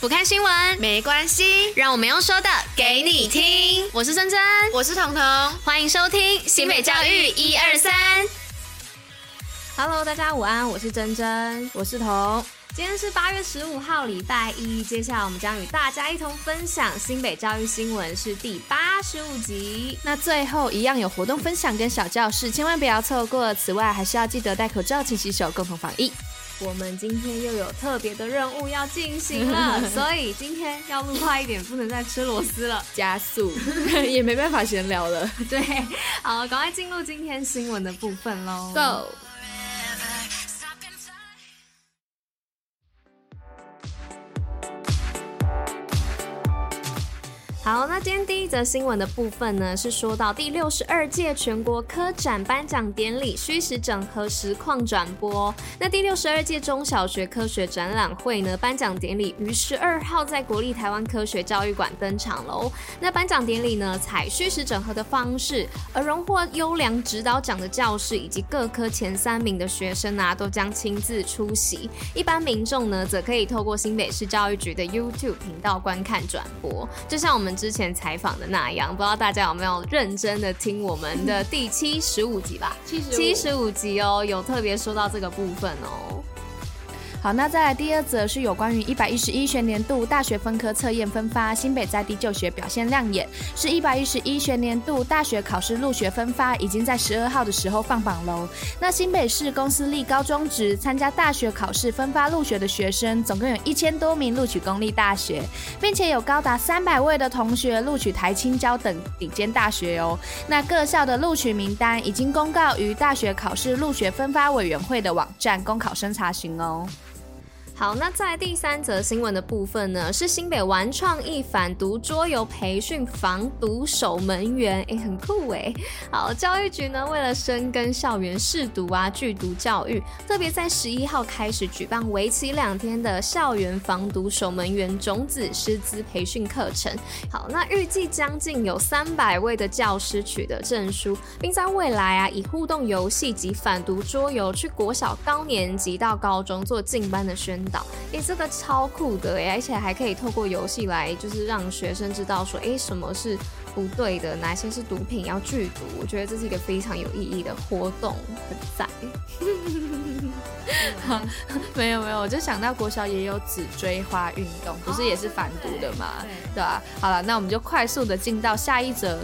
不看新聞沒關係，讓我們用說的給你聽。你聽，我是真真，我是彤彤，歡迎收聽新北教育一二三。Hello，大家午安，我是真真，我是彤。今天是八月十五號，禮拜一，接下來，我們將與大家一同分享新北教育新聞，是第八十五集。那最後一樣有活動分享跟小教室，千萬不要錯過。此外，還是要記得戴口罩、勤洗手，共同防疫。我們今天又有特別的任務要進行了，所以今天要錄快一點，不能再吃螺絲了， 加速 也沒辦法閒聊了。對，好，趕快進入今天新聞的部分咯。So. 好，那今天第一則新聞的部分呢，是說到第六十二屆全國科展頒獎典禮虛實整合實況轉播。那第六十二屆中小學科學展覽會呢，頒獎典禮於十二號在國立台灣科學教育館登場嘍。那頒獎典禮呢，採虛實整合的方式，而榮獲優良指導獎的教師以及各科前三名的學生啊，都將親自出席。一般民眾呢，則可以透過新北市教育局的 YouTube 頻道觀看轉播。就像我們。之前採訪的那樣，不知道大家有沒有認真的聽我們的第七十五集吧？七十,七十五集哦，有特別說到這個部分哦。好，那再來第二則，是有關於一百一十一學年度大學分科測驗分發，新北在地就學表現亮眼。是一百一十一學年度大學考試入學分發，已經在十二號的時候放榜嘍。那新北市公私立高中職參加大學考試分發入學的學生，總共有一千多名錄取公立大學，並且有高達三百位的同學錄取台清交等頂尖大學哦。那各校的錄取名單已經公告於大學考試入學分發委員會的網站供考生查詢哦。好，那在第三則新聞的部分呢，是新北玩創意反毒桌遊培訓防毒守門員，誒、欸，很酷誒、欸。好，教育局呢為了深耕校園試毒啊，拒毒教育，特別在十一號開始舉辦為期兩天的校園防毒守門員種子師資培訓課程。好，那預計將近有三百位的教師取得證書，並在未來啊，以互動遊戲及反毒桌遊去國小高年級到高中做進班的宣。哎、欸，這個超酷的哎，而且還可以透過遊戲來，就是讓學生知道說，哎、欸，什麼是不對的，哪些是毒品要拒毒。我覺得這是一個非常有意義的活動，很贊、 嗯。沒有沒有，我就想到國小也有紫錐花運動，哦、不是也是反毒的嗎？對吧、啊？好了，那我們就快速的進到下一則。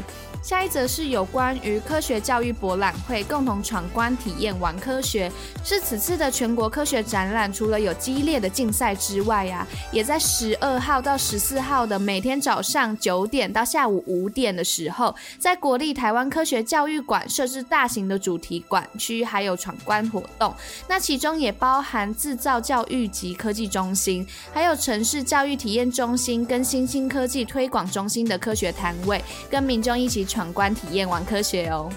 下一則是有關於科學教育博覽會，共同闖關體驗玩科學，是此次的全國科學展覽。除了有激烈的競賽之外，啊，也在十二號到十四號的每天早上九點到下午五點的時候，在國立台灣科學教育館設置大型的主題館區，還有闖關活動。那其中也包含製造教育及科技中心，還有城市教育體驗中心跟新興科技推廣中心的科學攤位，跟民眾一起。闖關體驗玩科學哦！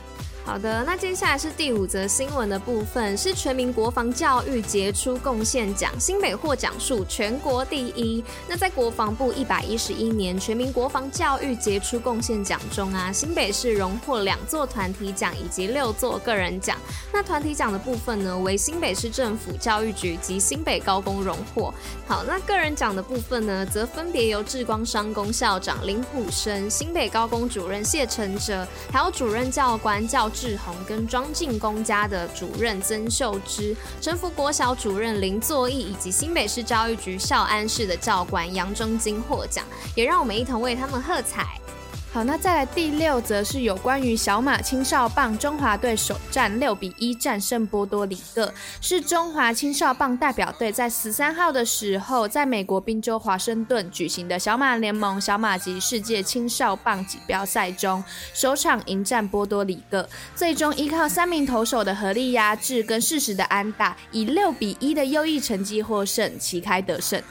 好的，那接下來是第五則新聞的部分，是全民國防教育傑出貢獻獎，新北獲獎數全國第一。那在國防部一百一十一年全民國防教育傑出貢獻獎中啊，新北市榮獲兩座團體獎以及六座個人獎。那團體獎的部分呢，為新北市政府教育局及新北高工榮獲。好，那個人獎的部分呢，則分別由智光商工校長林滬生、新北高工主任謝承哲，還有主任教官教。志宏跟莊敬公家的主任曾秀芝，陳福國小主任林作義，以及新北市教育局校安室的教官楊忠金獲獎，也讓我們一同為他們喝彩。好，那再來第六則是有關於小馬青少棒中華隊首戰六比一戰勝波多黎各，是中華青少棒代表隊在十三號的時候，在美國賓州華盛頓舉行的小馬聯盟小馬級世界青少棒錦標賽中，首場迎戰波多黎各，最終依靠三名投手的合力壓制跟適時的安打，以六比一的優異成績獲勝，旗開得勝。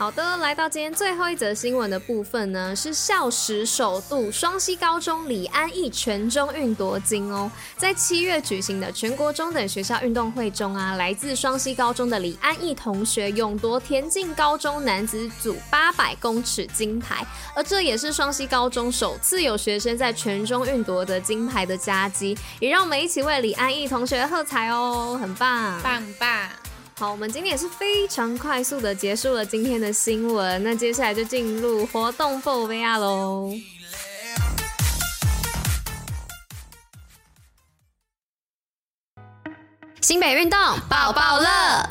好的，來到今天最後一則新聞的部分呢，是校史首度，雙溪高中李安翊全中運奪金哦。在七月舉行的全國中等學校運動會中啊，來自雙溪高中的李安翊同學勇奪田徑高中男子組八百公尺金牌，而這也是雙溪高中首次有學生在全中運奪得金牌的佳績，也讓我們一起為李安翊同學喝彩哦，很棒，棒棒。好，我們今天也是非常快速的結束了今天的新聞，那接下來就進入活動 for VR 噠，新北運動報報樂。寶寶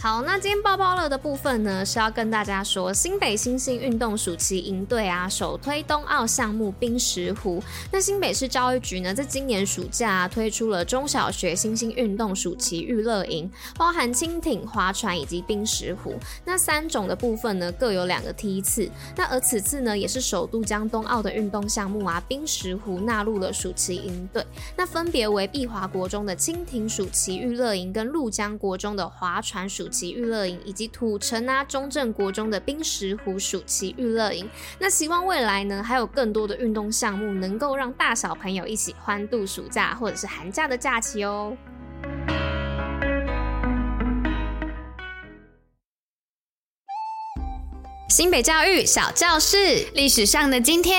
好，那今天報報樂的部分呢，是要跟大家說，新北新興運動暑期營隊啊，首推東奧項目冰石壺。那新北市教育局呢，在今年暑假、啊、推出了中小學新興運動暑期育樂營，包含輕艇划船以及冰石壺，那三種的部分呢，各有兩個梯次。那而此次呢，也是首度將東奧的運動項目啊，冰石壺納入了暑期營隊，那分別為碧華國中的輕艇暑期育樂營跟鷺江國中的划船暑期娛樂營以及土城啊、中正國中的冰石壺暑期娛樂營，那希望未來呢，還有更多的運動項目能夠讓大小朋友一起歡度暑假或者是寒假的假期哦。新北教育小教室，歷史上的今天。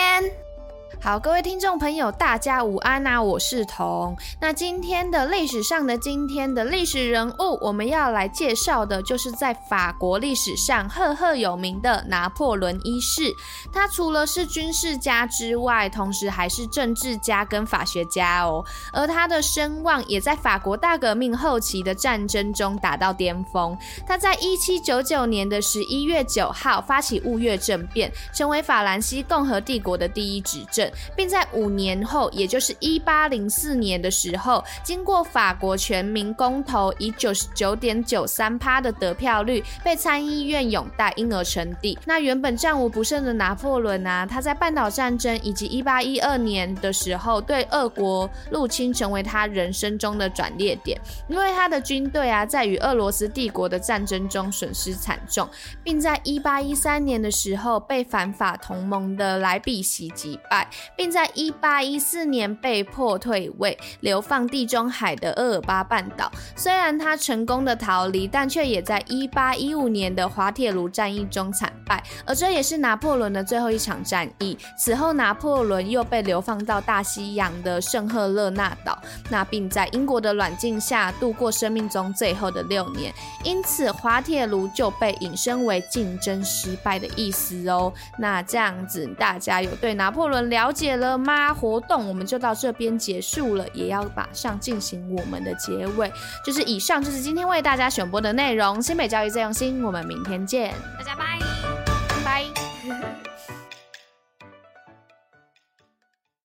好，各位聽眾朋友，大家午安啊！我是彤。那今天的歷史上的今天的歷史人物，我們要來介紹的就是在法國歷史上赫赫有名的拿破崙一世。他除了是軍事家之外，同時還是政治家跟法學家哦。而他的聲望也在法國大革命後期的戰爭中達到巔峰。他在一七九九年的十一月九號發起霧月政變，成為法蘭西共和帝國的第一執政。並在五年後，也就是一八零四年的時候，經過法國全民公投以，以九十九點九三趴的得票率，被參議院擁戴，因而稱帝。那原本戰無不勝的拿破崙啊，他在半島戰爭以及一八一二年的時候對俄國入侵，成為他人生中的轉捩點。因為他的軍隊啊，在與俄羅斯帝國的戰爭中損失慘重，並在一八一三年的時候被反法同盟的萊比錫擊敗。並在一八一四年被迫退位，流放地中海的厄爾巴半島。雖然他成功的逃離，但卻也在一八一五年的滑鐵盧戰役中慘敗，而這也是拿破崙的最後一場戰役。此後，拿破崙又被流放到大西洋的聖赫勒納島，那並在英國的軟禁下度過生命中最後的六年。因此，滑鐵盧就被引申為競爭失敗的意思哦、喔。那這樣子，大家有對拿破崙了解？了解了嗎？活動我們就到這邊結束了，也要馬上進行我們的結尾。就是以上，就是今天為大家選播的內容。新北教育最用心，我們明天見，大家拜拜。